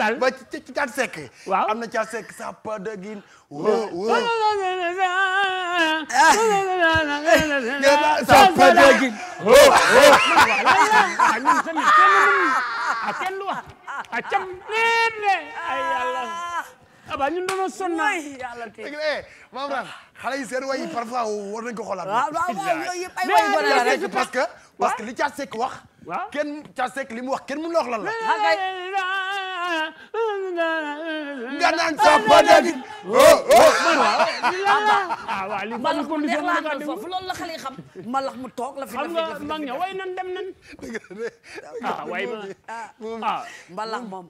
daal ba ci ci caat sekk. waaw am na caat sekk sax pas de guin. wóo wóo. sax pas de guin. wóo wóo. a kenn du wax a cam leer ay yàlla. aba ñun doon sonn na. yàlla tey dégg nga eh maam daal xale yi seen wayi parfois war nañu ko xoolaat. waaw waaw yooyu yëpp ay wayu gone la rek parce que parce que li caat sekk wax. waaw kenn caat sekk li mu wax kenn mënu la wax lan la. nga naan sàppa dëgg ah waaw li mbalax mu neex laa naan foofu loolu la xale yi xam mbalax mu toog la fi def xam nga mag ña way nan dem nan ah way ma ah mbalax moom